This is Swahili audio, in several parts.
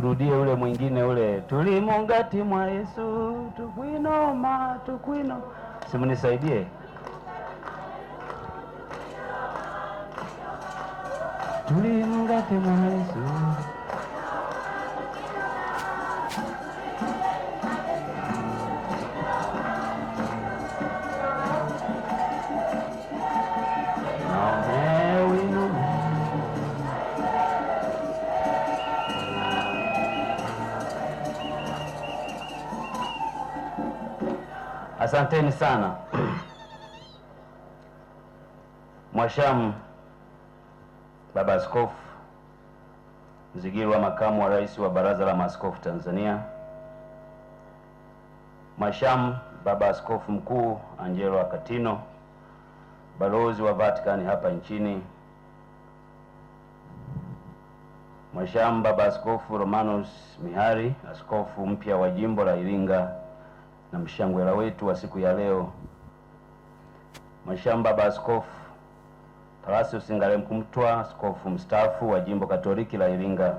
turudie ule mwingine ule, tulimungati mwa Yesu tukwinoma tukwino, simnisaidie tulimungati mwa Yesu Asanteni sana Mwashamu Baba Askofu Mzigirwa, makamu wa rais wa Baraza la Maaskofu Tanzania, Mwashamu Baba Askofu Mkuu Angelo Akatino, balozi wa Vatikani hapa nchini, Mwashamu Baba Askofu Romanus Mihari, askofu mpya wa jimbo la Iringa na mshangwela wetu wa siku ya leo Mhashamu Baba Askofu Tarasius Ngalemkumtwa, askofu mstaafu wa jimbo Katoliki la Iringa,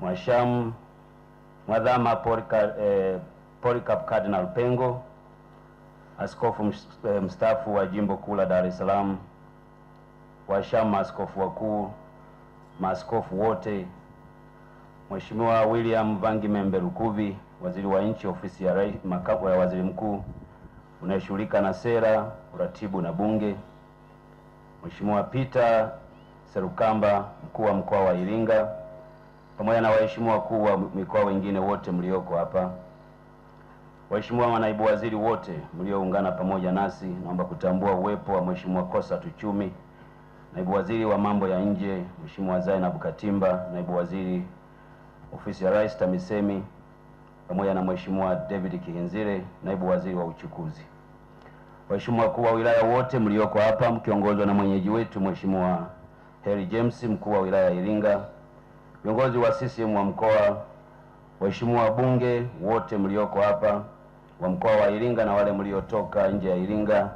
mwashamu Mwadhama eh, Polycarp Cardinal Pengo, askofu eh, mstaafu wa jimbo kuu la Dar es Salaam, Wahashamu maaskofu wakuu, maaskofu wote, Mheshimiwa William Vangimembe Lukuvi waziri wa nchi ofisi ya rais, makamu ya waziri mkuu unayeshughulika na sera, uratibu na bunge, Mheshimiwa Peter Serukamba mkuu wa mkoa wa Iringa, pamoja na waheshimiwa wakuu wa mikoa wengine wote mlioko hapa, waheshimiwa manaibu waziri wote mlioungana pamoja nasi, naomba kutambua uwepo wa Mheshimiwa Kosa Tuchumi, naibu waziri wa mambo ya nje, Mheshimiwa Zainabu Katimba, naibu waziri ofisi ya rais TAMISEMI pamoja na Mheshimiwa David Kihinzire, naibu waziri wa uchukuzi. Waheshimiwa wakuu wa wilaya wote mlioko hapa mkiongozwa na mwenyeji wetu Mheshimiwa Harry James, mkuu wa wilaya ya Iringa, viongozi wa CCM wa mkoa, waheshimiwa wabunge wote mlioko hapa wa mkoa wa Iringa na wale mliotoka nje ya Iringa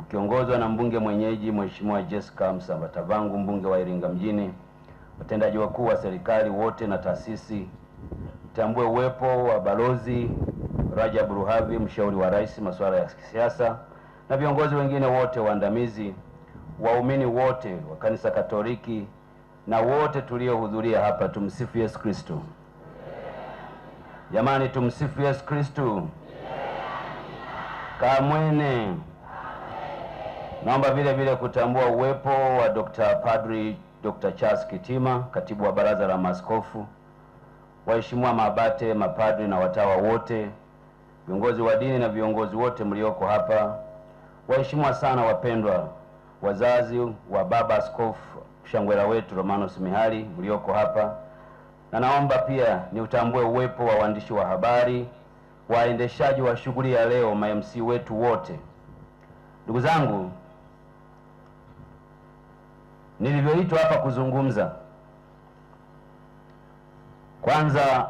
mkiongozwa na mbunge mwenyeji Mheshimiwa Jessica Msambatavangu, mbunge wa Iringa mjini, watendaji wakuu wa serikali wote na taasisi tambue uwepo wa Balozi Rajab Ruhavi, mshauri wa rais masuala ya kisiasa, na viongozi wengine wote waandamizi, waumini wote wa kanisa Katoliki na wote tuliohudhuria hapa. Tumsifu Yesu Kristo! Jamani, tumsifu Yesu Kristo! Kamwene. Naomba vile vile kutambua uwepo wa Dr. Padri Dr. Charles Kitima, katibu wa baraza la maaskofu waheshimiwa mabate mapadri na watawa wote, viongozi wa dini na viongozi wote mlioko hapa, waheshimiwa sana wapendwa wazazi wa baba askofu shangwela wetu romano Mihali mlioko hapa, na naomba pia niutambue uwepo wa waandishi wa habari, waendeshaji wa shughuli ya leo, mamc wetu wote. Ndugu zangu, nilivyoitwa hapa kuzungumza kwanza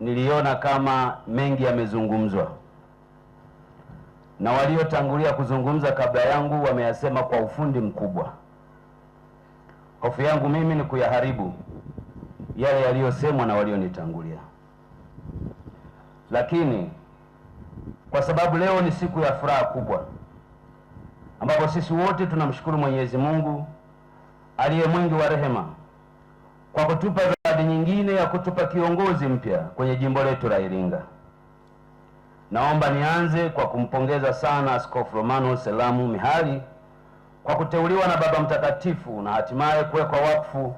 niliona kama mengi yamezungumzwa na waliotangulia kuzungumza kabla yangu wameyasema kwa ufundi mkubwa. Hofu yangu mimi ni kuyaharibu yale yaliyosemwa na walionitangulia, lakini kwa sababu leo ni siku ya furaha kubwa ambapo sisi wote tunamshukuru Mwenyezi Mungu aliye mwingi wa rehema kwa kutupa zawadi nyingine ya kutupa kiongozi mpya kwenye jimbo letu la Iringa. Naomba nianze kwa kumpongeza sana Askofu Romano Selamu Mihali kwa kuteuliwa na Baba Mtakatifu na hatimaye kuwekwa wakfu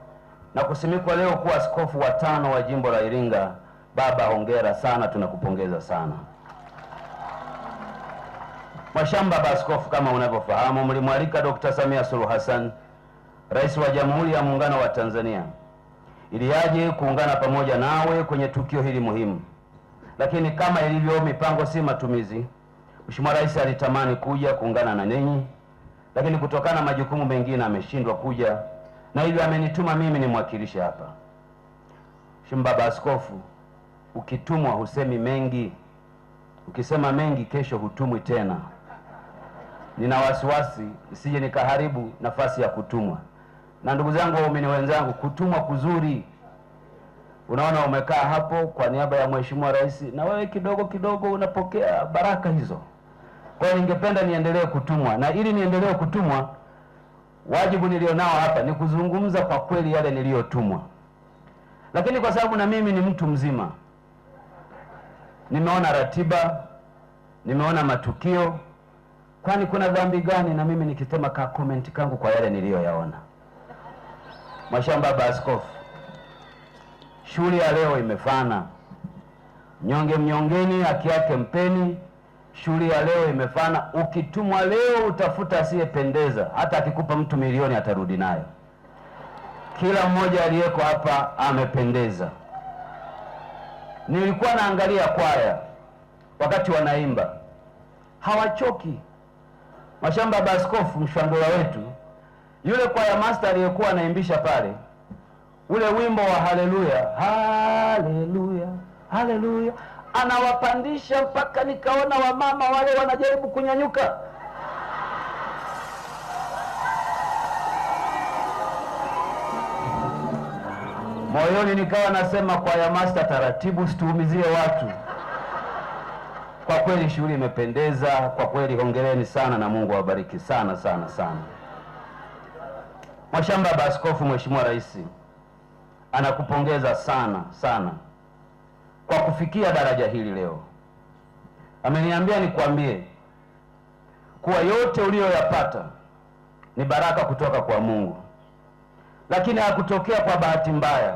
na kusimikwa leo kuwa askofu wa tano wa jimbo la Iringa. Baba, hongera sana, tunakupongeza sana. Mwashamba, Baba Askofu, kama unavyofahamu, mlimwalika Dr. Samia Suluhu Hassan, Rais wa Jamhuri ya Muungano wa Tanzania ili aje kuungana pamoja nawe kwenye tukio hili muhimu. Lakini kama ilivyo mipango si matumizi, Mheshimiwa Rais alitamani kuja kuungana na ninyi, lakini kutokana na majukumu mengine ameshindwa kuja, na hivyo amenituma mimi nimwakilishe hapa. Mheshimiwa Baba Askofu, ukitumwa husemi mengi, ukisema mengi kesho hutumwi tena. Nina wasiwasi isije nikaharibu nafasi ya kutumwa. Na ndugu zangu waumini wenzangu, kutumwa kuzuri. Unaona, umekaa hapo kwa niaba ya Mheshimiwa Rais na wewe kidogo kidogo unapokea baraka hizo. Kwa hiyo ningependa niendelee kutumwa, na ili niendelee kutumwa, wajibu nilionao hapa ni kuzungumza kwa kweli yale niliyotumwa. Lakini kwa sababu na mimi ni mtu mzima, nimeona ratiba, nimeona matukio, kwani kuna dhambi gani na mimi nikisema ka comment kangu kwa yale niliyoyaona? Mhashamu Baba Askofu, shughuli ya leo imefana. Mnyonge mnyongeni, haki yake mpeni. Shughuli ya leo imefana. Ukitumwa leo utafuta asiyependeza, hata akikupa mtu milioni atarudi nayo. Kila mmoja aliyeko hapa amependeza. Nilikuwa naangalia kwaya wakati wanaimba, hawachoki. mwashamba Baba Askofu, mshwandula wetu yule kwaya master aliyekuwa anaimbisha pale ule wimbo wa haleluya, haleluya, haleluya, anawapandisha mpaka nikaona wamama wale wanajaribu kunyanyuka. Moyoni nikawa nasema kwaya master, taratibu, situumizie watu. Kwa kweli shughuli imependeza kwa kweli, hongereni sana na Mungu awabariki sana sana sana. Mwashamba Baba Askofu, Mheshimiwa Rais anakupongeza sana sana kwa kufikia daraja hili leo. Ameniambia nikwambie kuwa yote uliyoyapata ni baraka kutoka kwa Mungu, lakini hakutokea kwa bahati mbaya.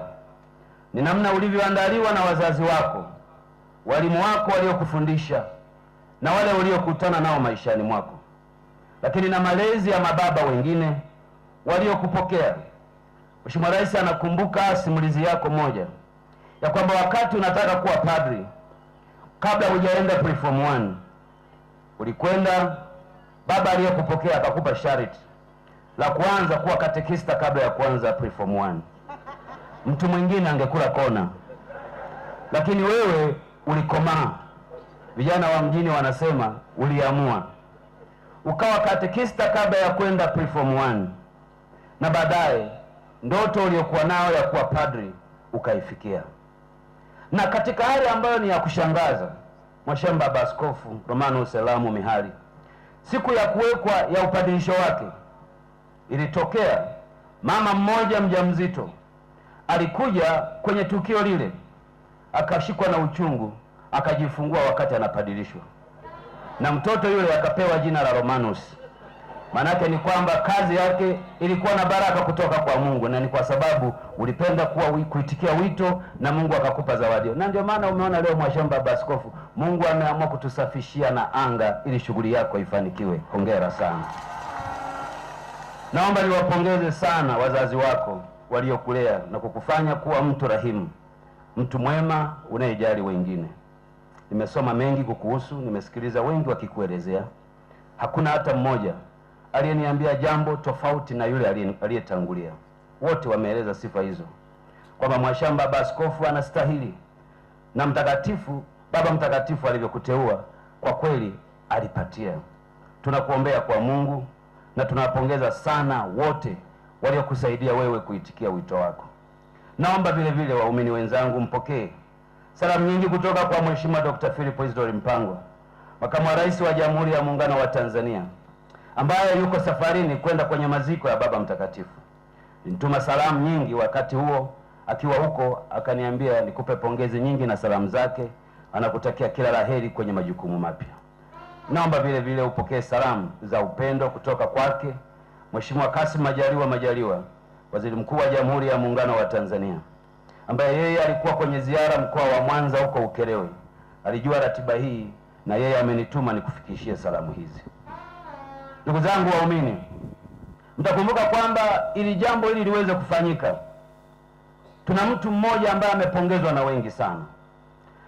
Ni namna ulivyoandaliwa na wazazi wako, walimu wako waliokufundisha na wale uliokutana nao maishani mwako, lakini na malezi ya mababa wengine waliokupokea. Mheshimiwa Rais anakumbuka simulizi yako moja ya kwamba wakati unataka kuwa padri, kabla hujaenda preform 1 ulikwenda baba aliyekupokea akakupa shariti la kuanza kuwa katekista kabla ya kuanza preform 1. Mtu mwingine angekula kona, lakini wewe ulikomaa. Vijana wa mjini wanasema uliamua, ukawa katekista kabla ya kwenda preform one na baadaye ndoto uliyokuwa nayo ya kuwa padri ukaifikia. Na katika hali ambayo ni ya kushangaza, Mhashamu Baba Askofu Romanus Selamu Mihali, siku ya kuwekwa ya upadirisho wake, ilitokea mama mmoja mjamzito alikuja kwenye tukio lile, akashikwa na uchungu, akajifungua wakati anapadirishwa, na mtoto yule akapewa jina la Romanus. Maanake ni kwamba kazi yake ilikuwa na baraka kutoka kwa Mungu, na ni kwa sababu ulipenda kuwa kuitikia wito na Mungu akakupa zawadi, na ndio maana umeona leo mwashamba Baba Askofu, Mungu ameamua kutusafishia na anga ili shughuli yako ifanikiwe. Hongera sana. Naomba niwapongeze sana wazazi wako waliokulea na kukufanya kuwa mtu rahimu, mtu mwema unayejali wengine. Nimesoma mengi kukuhusu, nimesikiliza wengi wakikuelezea, hakuna hata mmoja aliyeniambia jambo tofauti na yule aliyetangulia. Wote wameeleza sifa hizo, kwamba Mwashamba Baba Askofu anastahili na mtakatifu Baba Mtakatifu alivyokuteua kwa kweli alipatia. Tunakuombea kwa Mungu na tunawapongeza sana wote waliokusaidia wewe kuitikia wito wako. Naomba vile vile waumini wenzangu mpokee salamu nyingi kutoka kwa Mheshimiwa Dr. Philip Isidori Mpangwa, makamu wa rais wa Jamhuri ya Muungano wa Tanzania ambaye yuko safarini kwenda kwenye maziko ya Baba Mtakatifu. Nilituma salamu nyingi wakati huo akiwa huko, akaniambia nikupe pongezi nyingi na salamu zake, anakutakia kila laheri kwenye majukumu mapya. Naomba vile vile upokee salamu za upendo kutoka kwake Mheshimiwa Kassim Majaliwa Majaliwa, Waziri Mkuu wa Jamhuri ya Muungano wa Tanzania, ambaye yeye alikuwa kwenye ziara mkoa wa Mwanza huko Ukerewe. Alijua ratiba hii na yeye amenituma nikufikishie salamu hizi. Ndugu zangu waumini, mtakumbuka kwamba ili jambo hili liweze kufanyika, tuna mtu mmoja ambaye amepongezwa na wengi sana.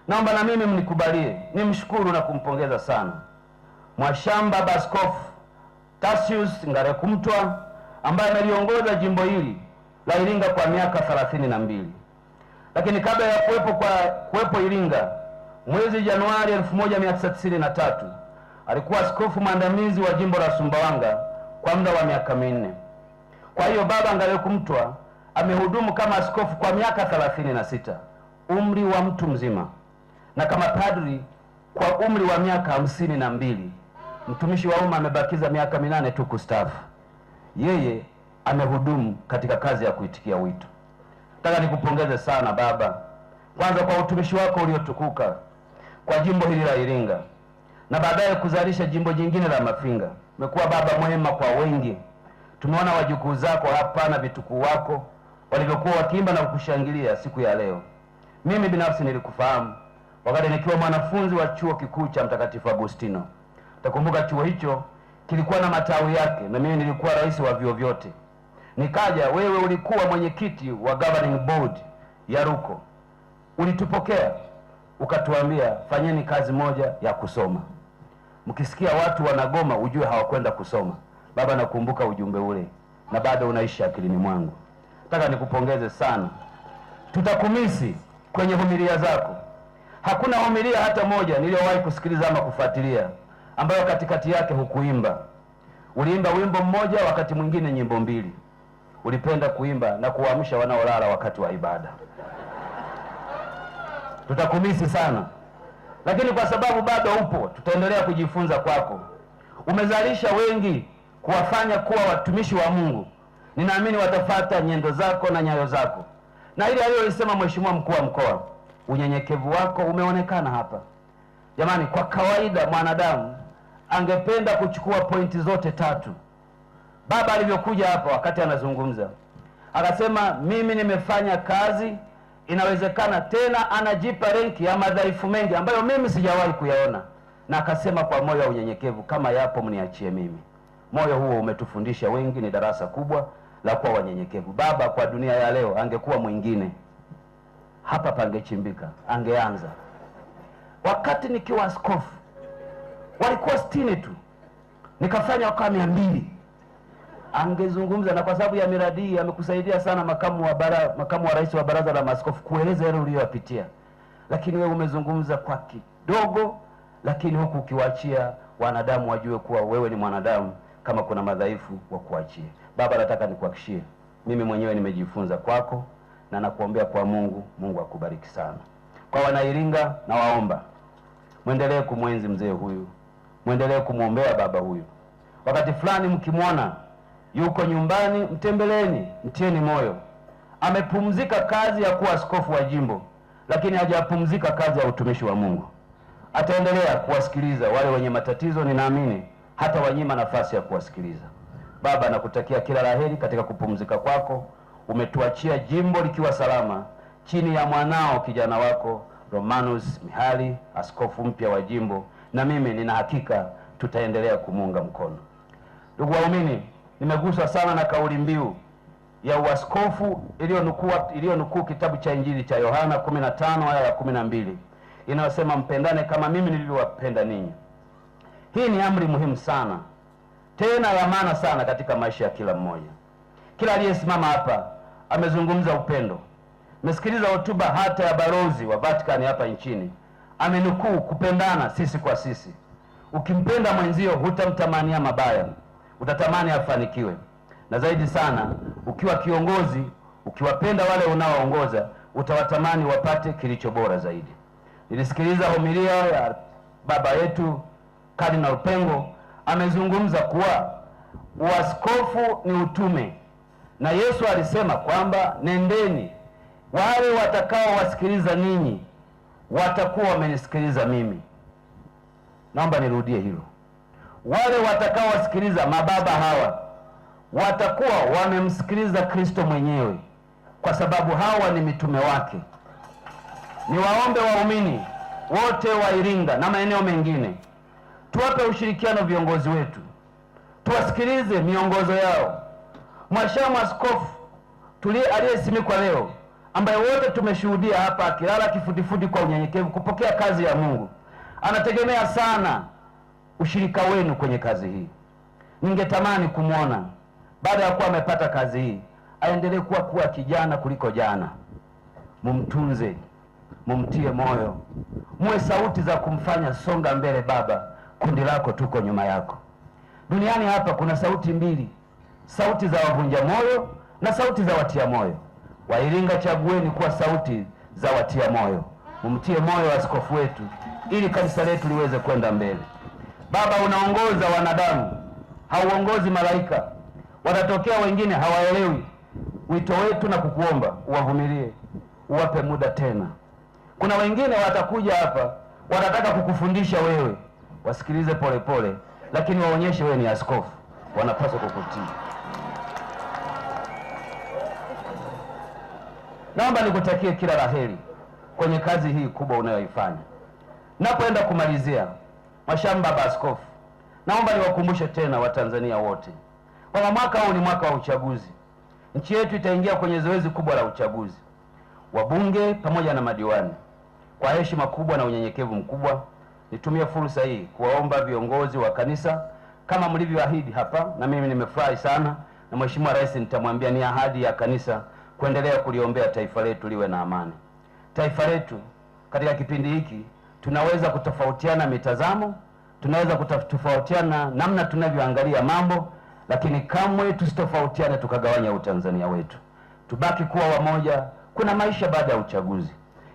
Naomba na mimi mnikubalie nimshukuru na kumpongeza sana Mwashamba baskof Tasius Ngarekumtwa ambaye ameliongoza jimbo hili la Iringa kwa miaka thelathini na mbili. Lakini kabla ya kuwepo kwa kuwepo Iringa, mwezi Januari elfu1 tatu alikuwa askofu mwandamizi wa jimbo la Sumbawanga kwa muda wa miaka minne. Kwa hiyo baba Ngalaleku Mtwa amehudumu kama askofu kwa miaka thelathini na sita umri wa mtu mzima, na kama padri kwa umri wa miaka hamsini na mbili. Mtumishi wa umma amebakiza miaka minane tu kustaafu. Yeye amehudumu katika kazi ya kuitikia wito. Nataka nikupongeze sana baba, kwanza kwa utumishi wako uliotukuka kwa jimbo hili la Iringa na baadaye kuzalisha jimbo jingine la Mafinga. Umekuwa baba mwema kwa wengi, tumeona wajukuu zako hapa na vitukuu wako walivyokuwa wakiimba na kukushangilia siku ya leo. Mimi binafsi nilikufahamu wakati nikiwa mwanafunzi wa chuo kikuu cha Mtakatifu Agustino. Takumbuka chuo hicho kilikuwa na matawi yake, na mimi nilikuwa rais wa vyuo vyote. Nikaja wewe ulikuwa mwenyekiti wa governing board ya Ruko, ulitupokea ukatuambia, fanyeni kazi moja ya kusoma. Mkisikia watu wanagoma, ujue hawakwenda kusoma. Baba, nakumbuka ujumbe ule na bado unaishi akilini mwangu. Nataka nikupongeze sana, tutakumisi kwenye homilia zako. Hakuna homilia hata moja niliyowahi kusikiliza ama kufuatilia ambayo katikati yake hukuimba. Uliimba wimbo mmoja, wakati mwingine nyimbo mbili. Ulipenda kuimba na kuwaamsha wanaolala wakati wa ibada. Tutakumisi sana lakini kwa sababu bado upo, tutaendelea kujifunza kwako. Umezalisha wengi kuwafanya kuwa watumishi wa Mungu, ninaamini watafata nyendo zako na nyayo zako, na ile aliyoisema Mheshimiwa mkuu wa mkoa, unyenyekevu wako umeonekana hapa. Jamani, kwa kawaida mwanadamu angependa kuchukua pointi zote tatu. Baba alivyokuja hapa wakati anazungumza akasema, mimi nimefanya kazi inawezekana tena anajipa renki ya madhaifu mengi ambayo mimi sijawahi kuyaona, na akasema kwa moyo wa unyenyekevu, kama yapo mniachie mimi. Moyo huo umetufundisha wengi, ni darasa kubwa la kuwa wanyenyekevu. Baba kwa dunia ya leo angekuwa mwingine, hapa pangechimbika, angeanza. Wakati nikiwa askofu walikuwa sitini tu, nikafanya wakawa mia mbili angezungumza na kwa sababu ya miradi hii amekusaidia sana makamu wa bara, makamu wa rais wa baraza la maaskofu kueleza yale uliyoyapitia, lakini wewe umezungumza kwa kidogo, lakini huku ukiwaachia wanadamu wajue kuwa wewe ni mwanadamu, kama kuna madhaifu wa kuachia. Baba, nataka nikuhakishie, mimi mwenyewe nimejifunza kwako na nakuombea kwa Mungu, Mungu akubariki sana. Kwa Wanairinga nawaomba mwendelee kumwenzi mzee huyu, mwendelee kumwombea baba huyu. Wakati fulani mkimwona yuko nyumbani, mtembeleni, mtieni moyo. Amepumzika kazi ya kuwa askofu wa jimbo, lakini hajapumzika kazi ya utumishi wa Mungu. Ataendelea kuwasikiliza wale wenye matatizo, ninaamini hata wanyima nafasi ya kuwasikiliza. Baba, nakutakia kila laheri katika kupumzika kwako. Umetuachia jimbo likiwa salama chini ya mwanao kijana wako Romanus Mihali, askofu mpya wa jimbo, na mimi nina hakika tutaendelea kumuunga mkono. Ndugu waumini, Nimeguswa sana na kauli mbiu ya uaskofu iliyonukuu kitabu cha Injili cha Yohana 15 aya ya 12 inayosema mpendane kama mimi nilivyowapenda ninyi. Hii ni amri muhimu sana tena ya maana sana katika maisha ya kila mmoja. Kila aliyesimama hapa amezungumza upendo. Mesikiliza hotuba hata ya balozi wa Vatican hapa nchini, amenukuu kupendana sisi kwa sisi. Ukimpenda mwenzio hutamtamania mabaya utatamani afanikiwe, na zaidi sana ukiwa kiongozi, ukiwapenda wale unaoongoza utawatamani wapate kilicho bora zaidi. Nilisikiliza homilia ya baba yetu Cardinal Pengo, amezungumza kuwa uaskofu ni utume, na Yesu alisema kwamba nendeni, wale watakaowasikiliza ninyi watakuwa wamenisikiliza mimi. Naomba nirudie hilo wale watakaowasikiliza mababa hawa watakuwa wamemsikiliza Kristo mwenyewe, kwa sababu hawa ni mitume wake. Niwaombe waumini wote wa Iringa na maeneo mengine, tuwape ushirikiano viongozi wetu, tuwasikilize miongozo yao. Mwashamu askofu tulie aliyesimikwa leo, ambaye wote tumeshuhudia hapa akilala kifudifudi kwa unyenyekevu kupokea kazi ya Mungu, anategemea sana ushirika wenu kwenye kazi hii. Ningetamani kumwona baada ya kuwa amepata kazi hii aendelee kuwa kuwa kijana kuliko jana. Mumtunze, mumtie moyo, muwe sauti za kumfanya songa mbele. Baba, kundi lako tuko nyuma yako. Duniani hapa kuna sauti mbili, sauti za wavunja moyo na sauti za watia moyo. Wairinga, chagueni kuwa sauti za watia moyo, mumtie moyo askofu wetu ili kanisa letu liweze kwenda mbele. Baba, unaongoza wanadamu, hauongozi malaika. Watatokea wengine hawaelewi wito wetu na kukuomba uwavumilie, uwape muda tena. Kuna wengine watakuja hapa watataka kukufundisha wewe, wasikilize polepole pole, lakini waonyeshe wewe ni askofu, wanapaswa kukutii. Naomba nikutakie kila la heri kwenye kazi hii kubwa unayoifanya. Napoenda kumalizia Mashamba Baskofu, naomba niwakumbushe tena Watanzania wote kwamba mwaka huu ni mwaka wa uchaguzi. Nchi yetu itaingia kwenye zoezi kubwa la uchaguzi wabunge pamoja na madiwani. Kwa heshima kubwa na unyenyekevu mkubwa, nitumie fursa hii kuwaomba viongozi wa kanisa kama mlivyoahidi hapa, na mimi nimefurahi sana na Mheshimiwa Rais nitamwambia ni ahadi ya kanisa kuendelea kuliombea taifa letu liwe na amani. Taifa letu katika kipindi hiki tunaweza kutofautiana mitazamo, tunaweza kutofautiana namna tunavyoangalia mambo, lakini kamwe tusitofautiane tukagawanya utanzania wetu, tubaki kuwa wamoja. Kuna maisha baada ya uchaguzi.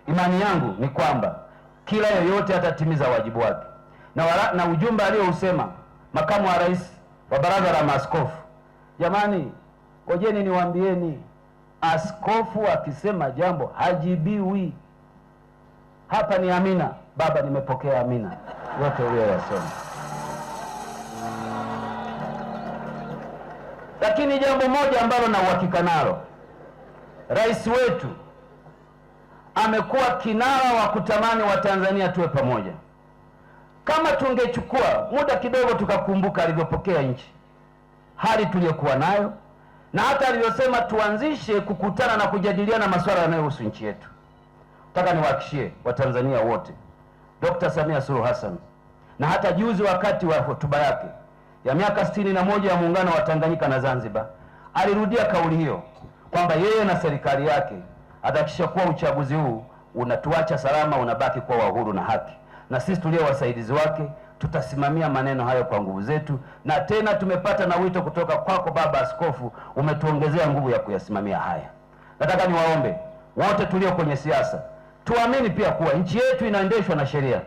Imani yangu ni kwamba kila yoyote atatimiza wajibu wake na, wala, na ujumbe aliyousema makamu wa rais wa baraza la maaskofu, jamani, ngojeni niwaambieni, askofu akisema jambo hajibiwi. Hapa ni amina. Baba, nimepokea amina yote uliyoyasema. Lakini jambo moja ambalo na uhakika nalo, rais wetu amekuwa kinara wa kutamani Watanzania tuwe pamoja. Kama tungechukua muda kidogo tukakumbuka alivyopokea nchi, hali tuliyokuwa nayo, na hata alivyosema tuanzishe kukutana na kujadiliana masuala yanayohusu nchi yetu, nataka niwahakishie Watanzania wote Dr. Samia Suluhu Hassan, na hata juzi wakati wa hotuba yake ya miaka sitini na moja ya muungano wa Tanganyika na Zanzibar alirudia kauli hiyo kwamba yeye na serikali yake atahakikisha kuwa uchaguzi huu unatuacha salama, unabaki kuwa wa uhuru na haki, na sisi tulio wasaidizi wake tutasimamia maneno hayo kwa nguvu zetu. Na tena tumepata na wito kutoka kwako baba askofu, umetuongezea nguvu ya kuyasimamia haya. Nataka niwaombe wote tulio kwenye siasa Tuamini pia kuwa nchi yetu inaendeshwa na sheria.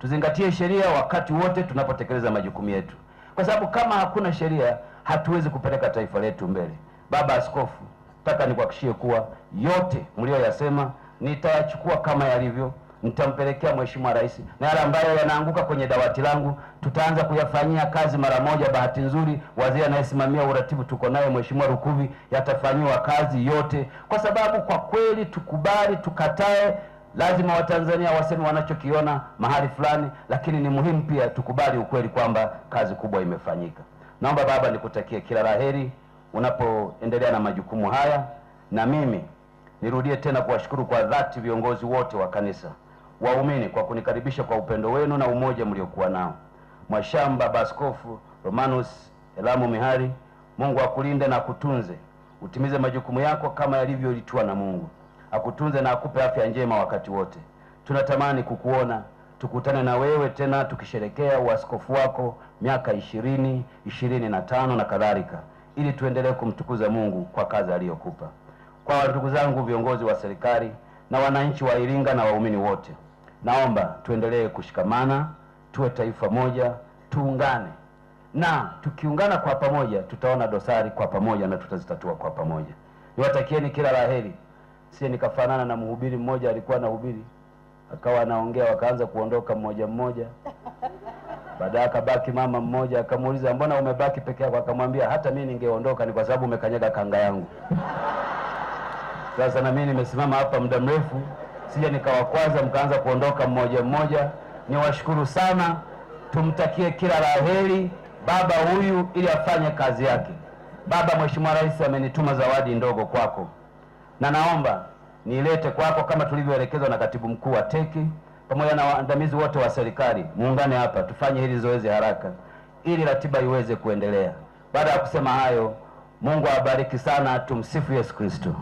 Tuzingatie sheria wakati wote tunapotekeleza majukumu yetu, kwa sababu kama hakuna sheria hatuwezi kupeleka taifa letu mbele. Baba Askofu, nataka nikuhakishie kuwa yote mlioyasema nitayachukua kama yalivyo, nitampelekea Mheshimiwa Rais, na yale ambayo yanaanguka kwenye dawati langu tutaanza kuyafanyia kazi mara moja. Bahati nzuri waziri anayesimamia uratibu tuko naye Mheshimiwa Rukuvi, yatafanyiwa kazi yote, kwa sababu kwa kweli tukubali, tukatae Lazima Watanzania waseme wanachokiona mahali fulani, lakini ni muhimu pia tukubali ukweli kwamba kazi kubwa imefanyika. Naomba baba, nikutakie kila laheri unapoendelea na majukumu haya, na mimi nirudie tena kuwashukuru kwa dhati viongozi wote wa kanisa, waumini kwa kunikaribisha kwa upendo wenu na umoja mliokuwa nao. Mwashamba Baba Askofu Romanus Elamu Mihari, Mungu akulinde na kutunze, utimize majukumu yako kama yalivyoitiwa na Mungu akutunze na akupe afya njema wakati wote. Tunatamani kukuona tukutane na wewe tena tukisherekea uaskofu wako miaka ishirini, ishirini na tano na kadhalika, ili tuendelee kumtukuza Mungu kwa kazi aliyokupa. Kwa ndugu zangu viongozi wa serikali na wananchi wa Iringa na waumini wote, naomba tuendelee kushikamana, tuwe taifa moja, tuungane, na tukiungana kwa pamoja tutaona dosari kwa pamoja na tutazitatua kwa pamoja. Niwatakieni kila laheri si nikafanana na mhubiri mmoja alikuwa anahubiri akawa anaongea, wakaanza kuondoka mmoja mmoja. Baadaye akabaki mama mmoja, akamuuliza mbona umebaki peke yako? Akamwambia hata mimi ningeondoka ni kwa sababu umekanyaga kanga yangu. Sasa na mimi nimesimama hapa muda mrefu, sija nikawakwaza, mkaanza kuondoka mmoja mmoja. Niwashukuru sana, tumtakie kila la heri baba huyu ili afanye kazi yake. Baba, Mheshimiwa Rais amenituma zawadi ndogo kwako na naomba niilete kwako kama tulivyoelekezwa na katibu mkuu wa teki pamoja na waandamizi wote wa serikali, muungane hapa tufanye hili zoezi haraka ili ratiba iweze kuendelea. Baada ya kusema hayo, Mungu awabariki sana. Tumsifu Yesu Kristo.